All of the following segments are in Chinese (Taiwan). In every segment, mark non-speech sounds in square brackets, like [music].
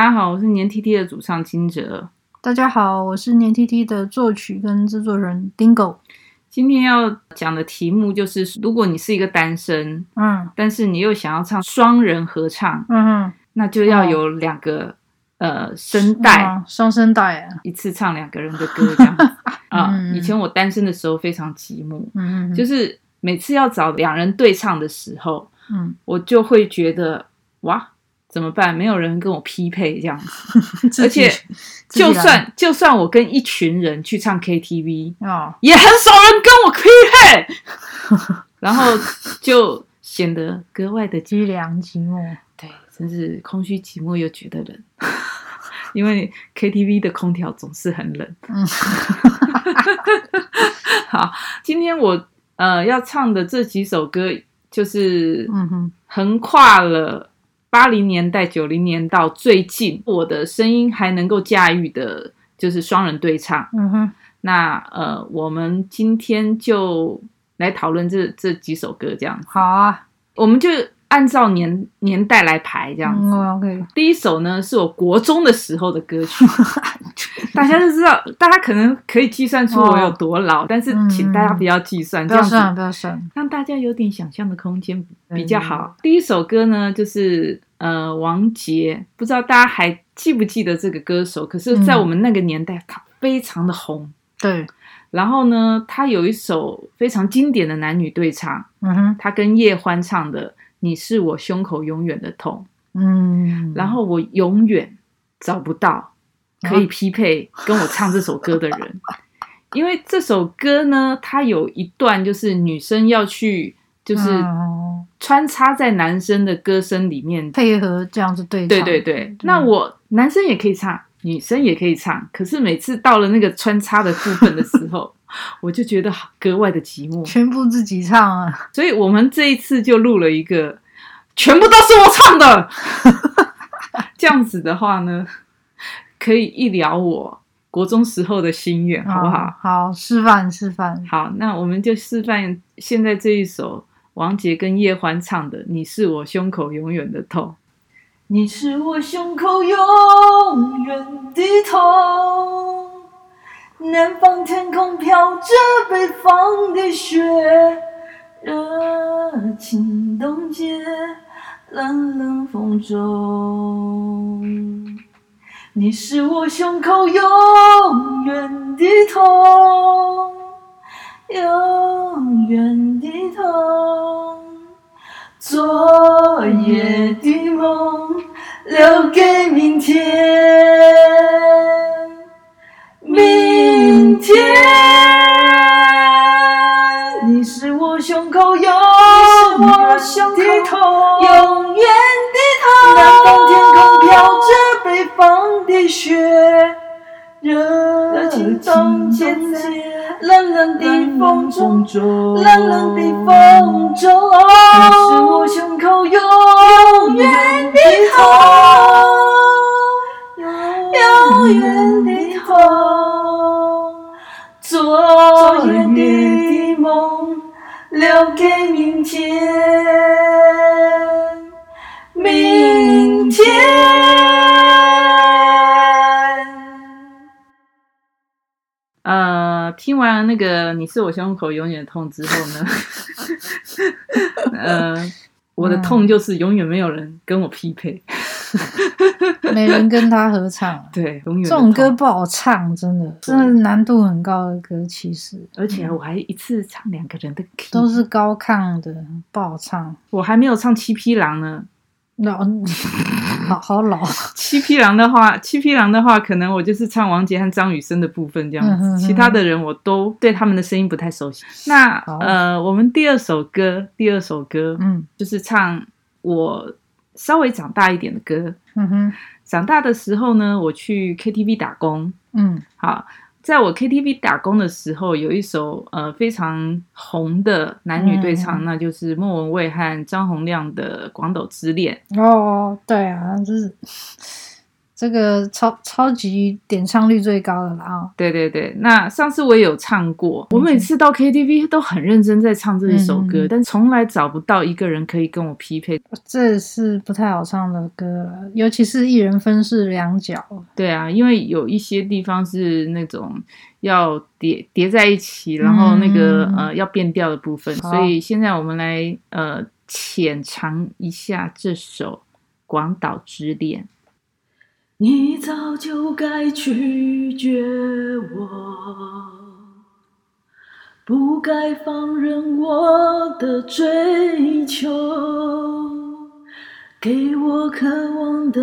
大家好，我是黏 T T 的主唱驚蟄。大家好，我是黏 T T 的作曲跟製作人 Dingo。今天要講的題目就是，如果你是一個單身，嗯，但是你又想要唱雙人合唱，嗯哼，那就要有兩個、嗯、呃聲帶，雙聲帶、啊，一次唱兩個人的歌。這樣啊、 [laughs] 嗯，以前我單身的時候非常寂寞，嗯，就是每次要找兩人對唱的時候，嗯，我就會覺得哇。怎麼辦？沒有人跟我匹配這樣子， [laughs] 而且就算就算，就算我跟一群人去唱 KTV，oh，也很少人跟我匹配， [laughs] [laughs] 然後就顯得格外的淒涼寂寞。 [laughs] 對，真是空虛寂寞又覺得冷， [laughs] 因為 KTV 的空調總是很冷。 [laughs] [laughs] [laughs] 好，今天我呃要唱的這幾首歌，就是橫跨了。八零年代、九零年，到最近，我的聲音還能夠駕馭的，就是雙人對唱。嗯哼，那呃，我們今天就來討論這這幾首歌，這樣好啊，我們就。按照年年代來排，這樣子、嗯 okay。第一首呢，是我國中的時候的歌曲， [laughs] 大家就知道，大家可能可以計算出我有多老，哦，但是請大家不要計算，嗯這樣子嗯嗯，不要算，不要算，讓大家有點想象的空間比較好，對對對。第一首歌呢就是呃王傑，不知道大家還記不記得這個歌手？可是，在我們那個年代，他非常的紅，嗯。對。然後呢，他有一首非常經典的男女對唱，嗯哼，他跟葉歡唱的。你是我胸口永遠的痛，嗯，然後我永遠找不到可以匹配跟我唱這首歌的人，啊、 [laughs] 因為這首歌呢，它有一段就是女生要去，就是穿插在男生的歌聲裡面配合這樣子對唱，對對對。嗯、那我男生也可以唱，女生也可以唱，可是每次到了那個穿插的部分的時候。 [laughs] 我就覺得格外的寂寞，全部自己唱啊！所以，我們這一次就錄了一個，全部都是我唱的。 [laughs] 這樣子的話呢，可以一聊我國中時候的心願，好，好不好？好，示範示範。好，那我們就示範現在這一首王杰跟葉歡唱的《你是我胸口永遠的痛》。你是我胸口永遠的痛。南方天空飄着北方的雪，熱情凍結，冷冷風中。你是我胸口永遠的痛，永遠的痛。昨夜的夢，留給明天。痛，永遠的痛。南方天空飄，飄着北方的雪，熱情凍結，冷冷的風中，冷冷的風中，你是我胸口永遠的痛。聽完了那個《你是我胸口永遠的痛》之後呢， [laughs] 呃、我的痛就是永遠沒有人跟我匹配，沒 [laughs] 人跟他合唱，對，永遠這種歌不好唱，真的，真的難度很高的歌，其實，而且、啊嗯、我還一次唱兩個人的，都是高亢的，不好唱，我還沒有唱《七匹狼》呢。老，好老。七匹狼的話，七匹狼的話，可能我就是唱王杰和張雨生的部分這樣子，嗯、哼哼。其他的人我都對他們的聲音不太熟悉。那呃，我們第二首歌，第二首歌，嗯，就是唱我稍微長大一點的歌。嗯哼，長大的時候呢，我去 KTV 打工。嗯，好。在我 KTV 打工的時候，有一首呃非常紅的男女對唱，嗯、那就是莫文蔚和張洪量的《廣島之戀》。哦，對啊，就是。這個超超級點唱率最高的了啊、哦！對對對，那上次我也有唱過。我每次到 KTV 都很認真在唱這一首歌，嗯，但從來找不到一個人可以跟我匹配。這是不太好唱的歌，尤其是一人分飾兩角。對啊，因為有一些地方是那種要疊疊在一起，然後那個、嗯、呃要變調的部分。所以現在我們來呃淺嘗一下這首《廣島之戀》。你早就該拒絕我，不該放任我的追求，給我渴望的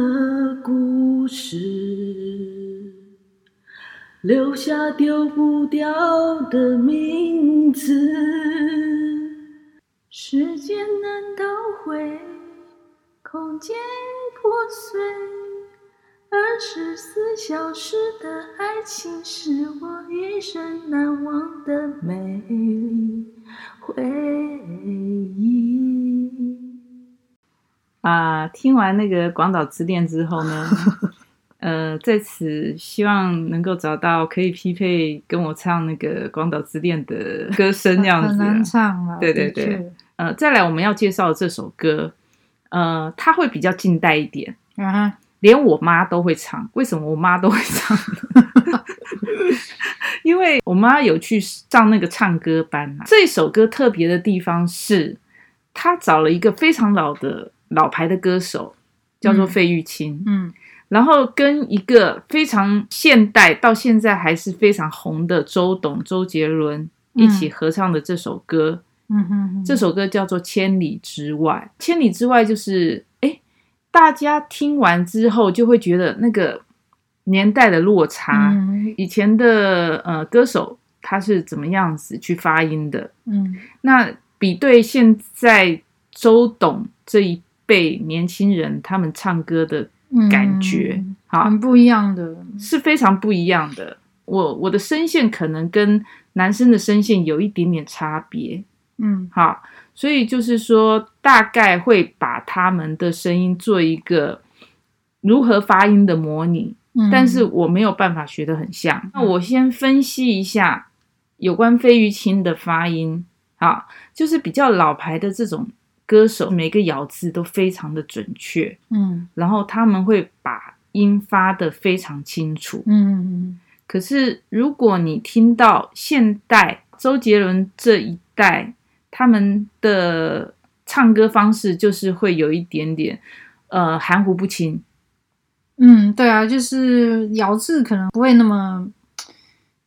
故事，留下丟不掉的名字。時間難道會，空間破碎？二十四小時的愛情是我一生難忘的美麗回憶。啊，聽完那個《廣島之戀》之後呢， [laughs] 呃，在此希望能夠找到可以匹配跟我唱那個《廣島之戀》的歌聲，那樣子、啊、 [laughs] 很難唱了。對對對，呃、啊，再來我們要介紹這首歌，呃，它會比較近代一點啊。連我媽都會唱，為什麼我媽都會唱？ [laughs] 因為我媽有去上那個唱歌班啊。這首歌特別的地方是，她找了一個非常老的老牌的歌手，叫做費玉清，嗯，嗯。然後跟一個非常現代到現在還是非常紅的周董、周杰倫一起合唱的這首歌。嗯，嗯哼哼，這首歌叫做《千里之外》，千里之外就是。大家聽完之後，就會覺得那個年代的落差，嗯、以前的呃歌手他是怎麼樣子去發音的？嗯，那比對現在周董這一輩年輕人他們唱歌的感覺，嗯、好，很不一樣的，是非常不一樣的。我我的聲線可能跟男生的聲線有一點點差別。嗯，好。所以就是說，大概會把他們的聲音做一個如何發音的模擬，嗯，但是我沒有辦法學得很像。那我先分析一下有關費玉清的發音啊，就是比較老牌的這種歌手，每個咬字都非常的準確，嗯，然後他們會把音發得非常清楚，嗯。可是如果你聽到現代周杰倫這一代，他們的唱歌方式就是會有一點點，呃，含糊不清。嗯，對啊，就是咬字可能不會那麼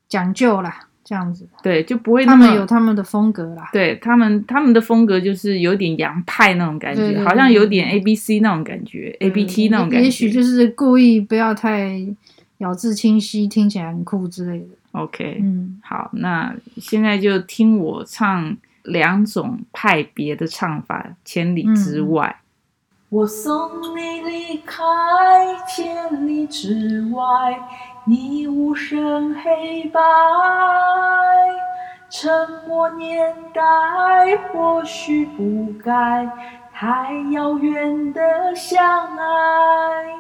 講究啦，這樣子。對，就不會那麼他們有他們的風格啦。對他們，他們的風格就是有點洋派那種感覺，對對對對，好像有點 A B C 那種感覺，A B T 那種感覺。也許就是故意不要太咬字清晰，聽起來很酷之類的。OK，嗯，好，那現在就聽我唱。兩種派別的唱法，千里之外。嗯。我送你離開，千里之外，你無聲黑白，沉默年代，或許不該太遙遠的相愛。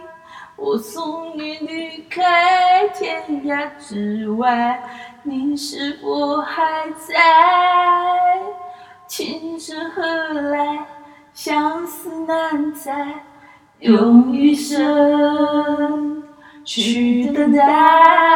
我送你離開天涯之外，你是否還在？琴聲何來？生死難猜，用一生去等待。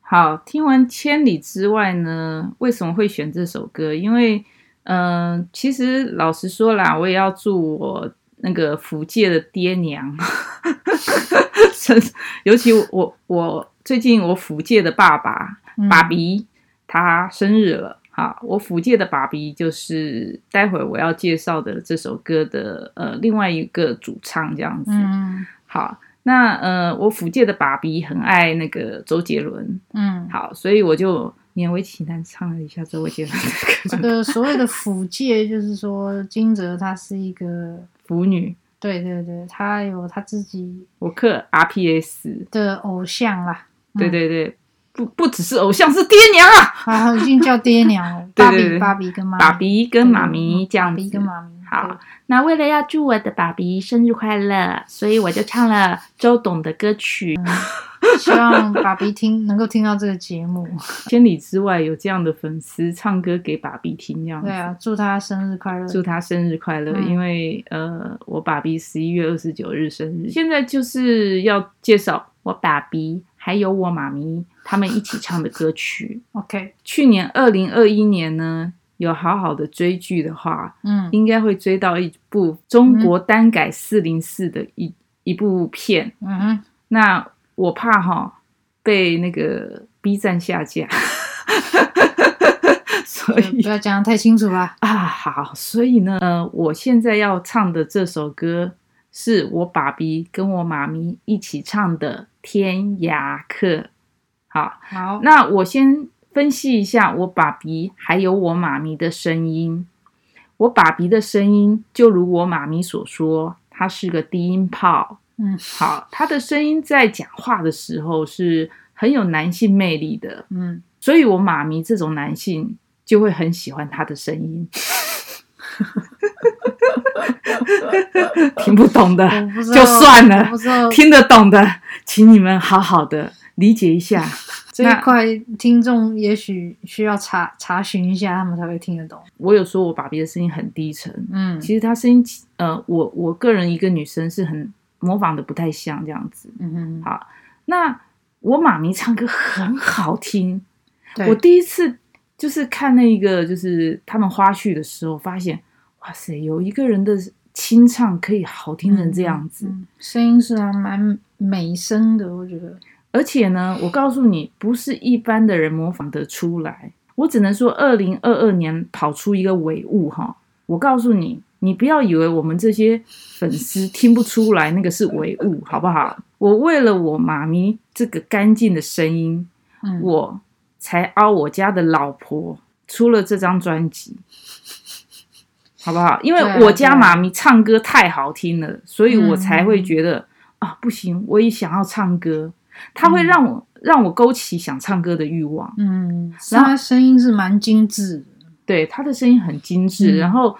好，聽完《千里之外》呢？為什麼會選這首歌？因為，嗯、呃，其實老實說啦，我也要祝我，那個福建的爹娘， [laughs] [laughs] 尤其我我，我最近我福建的爸爸爸比、嗯、他生日了哈，我福建的爸比就是待會我要介紹的這首歌的呃另外一個主唱這樣子。嗯好，那呃我福建的爸比很愛那個周杰倫。嗯。好，所以我就勉為其難唱了一下周杰倫。這個 [laughs] [laughs] 所謂的福建，就是說驚蟄他是一個。舞女，對對對，她有她自己。我克 RPS 的偶像啦，嗯，對對對，不不只是偶像，是爹娘啊！啊，已經叫爹娘了。爸 [laughs] 比、爸比跟媽爸比跟媽咪，跟媽咪這樣子。跟媽咪，好，那為了要祝我的爸比生日快樂，所以我就唱了周董的歌曲。 [laughs] 嗯 [laughs] 希望爸比聽能夠聽到這個節目，千里之外有這樣的粉絲唱歌給爸比聽，這樣子對啊，祝他生日快樂，祝他生日快樂，嗯。因為呃，我爸比十一月二十九日生日，現在就是要介紹我爸比還有我媽咪他們一起唱的歌曲。 [laughs] OK，去年二零二一年呢，有好好的追劇的話，嗯，應該會追到一部中國耽改四零四的一、嗯、一部片，嗯嗯，那。我怕哈被那個 B 站下架， [laughs] 所以、嗯、不要講得太清楚啦。啊！好，所以呢，我現在要唱的這首歌是我爸比跟我媽咪一起唱的《天涯客》。好，好，那我先分析一下我爸比還有我媽咪的聲音。我爸比的聲音就如我媽咪所說，她是個低音炮。嗯，好，他的聲音在講話的時候是很有男性魅力的，嗯，所以我媽咪這種男性就會很喜歡他的聲音。 [laughs] 聽不懂的就算了，聽得懂的，請你們好好的理解一下。這一塊聽眾也許需要查查詢一下，他們才會聽得懂。我有說我爸比的聲音很低沉，嗯，其實他聲音，呃，我我個人一個女生是很。模仿的不太像這樣子，嗯哼，好，那我媽咪唱歌很好聽，我第一次就是看那個就是他們花絮的時候，發現哇塞，有一個人的清唱可以好聽成這樣子，嗯嗯、聲音是還、啊、蠻美聲的，我覺得。而且呢，我告訴你，不是一般的人模仿得出來，我只能說，二零二二年跑出一個偉物哈，我告訴你。你不要以為我們這些粉絲聽不出來那個是唯物，好不好？我為了我媽咪這個乾淨的聲音，嗯、我才凹我家的老婆出了這張專輯，好不好？因為我家媽咪唱歌太好聽了，啊啊、所以我才會覺得、嗯、啊，不行，我也想要唱歌。她會讓我讓我勾起想唱歌的欲望，嗯，然後她聲音是蠻精致的，對，她的聲音很精致，嗯、然後。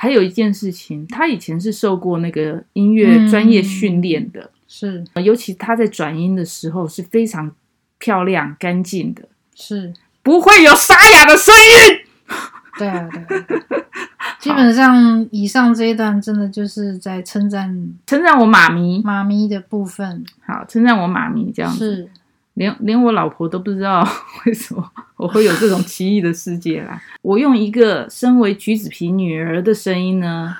還有一件事情，他以前是受過那個音樂專業訓練的，嗯、是，尤其他在轉音的時候是非常漂亮、乾淨的，是不會有沙啞的聲音。對啊，對啊， [laughs] 基本上以上這一段真的就是在稱讚、稱讚我媽咪、媽咪的部分，好，稱讚我媽咪這樣子。是連連我老婆都不知道為什麼我會有這種奇異的世界啦！ [laughs] 我用一個身為橘子皮女兒的聲音呢，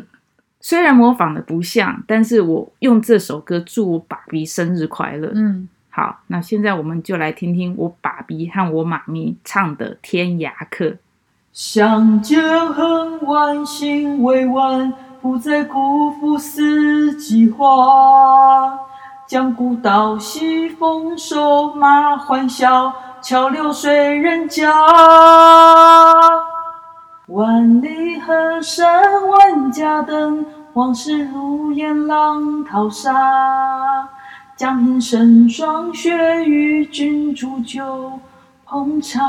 [laughs] 雖然模仿的不像，但是我用這首歌祝我爸比生日快樂。嗯，好，那現在我們就來聽聽我爸比和我媽咪唱的《天涯客》。相見恨晚，心未晚，不再辜負四季花。《江古道西風瘦馬，歡笑橋流水人家。萬里河山萬家燈，往事如煙浪淘沙。將平生霜雪與君煮酒烹茶。》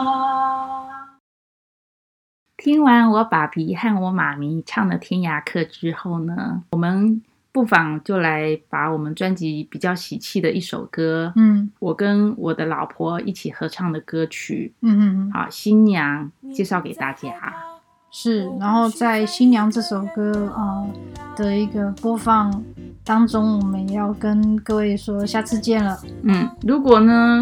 聽完我爸比和我媽咪唱的《天涯客》之後呢，我們。不妨就來把我們專輯比較喜氣的一首歌，嗯，我跟我的老婆一起合唱的歌曲，嗯嗯嗯，好，新娘介紹給大家。是，然後在《新娘》這首歌啊、嗯、的一個播放當中，我們要跟各位說下次見了。嗯，如果呢，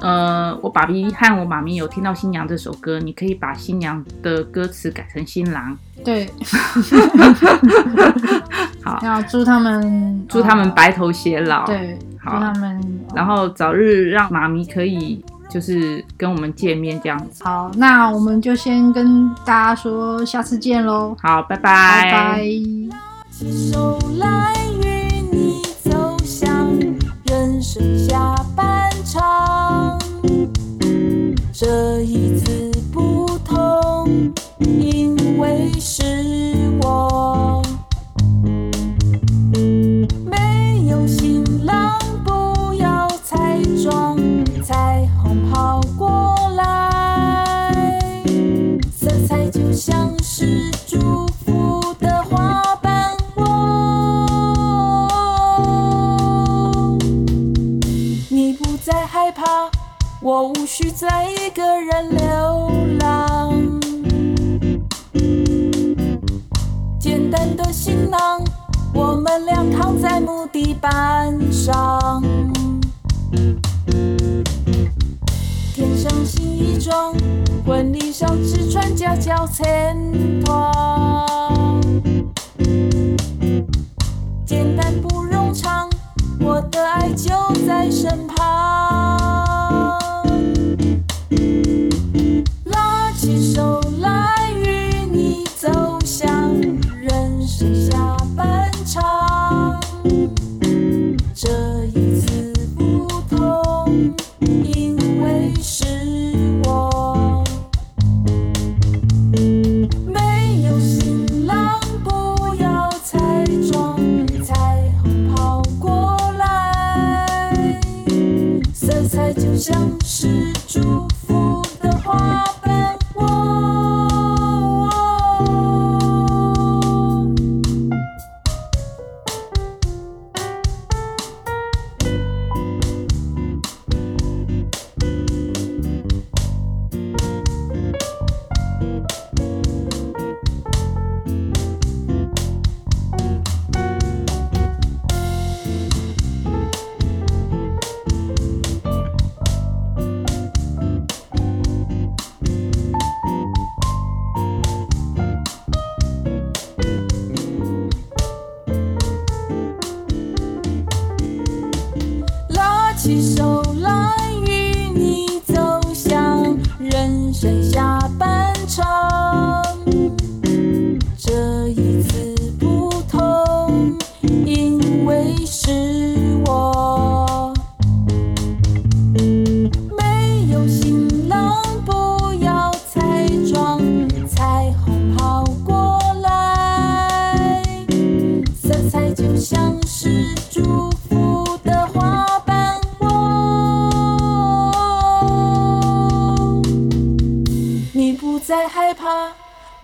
呃，我爸比和我媽咪有聽到《新娘》這首歌，你可以把《新娘》的歌詞改成《新郎》。對。 [laughs] [laughs] 好，要祝他們、嗯，祝他們白頭偕老。對，好祝他們、嗯，然後早日讓媽咪可以。就是跟我們見面這樣子。好，那我們就先跟大家說下次見嘍。好，拜拜。拜拜。板上，添上新衣裝，婚禮上只穿家家襯托。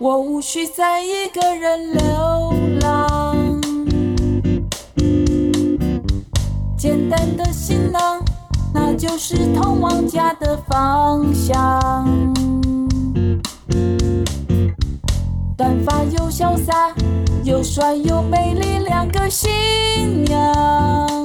我無需再一個人流浪，簡單的行囊，那就是通往家的方向。短髮又瀟灑，又帥又美麗，兩個新娘。